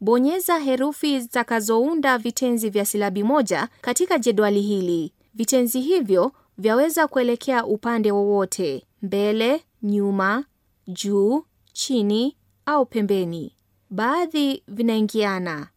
Bonyeza herufi zitakazounda vitenzi vya silabi moja katika jedwali hili. Vitenzi hivyo vyaweza kuelekea upande wowote: mbele, nyuma, juu, chini au pembeni. Baadhi vinaingiana.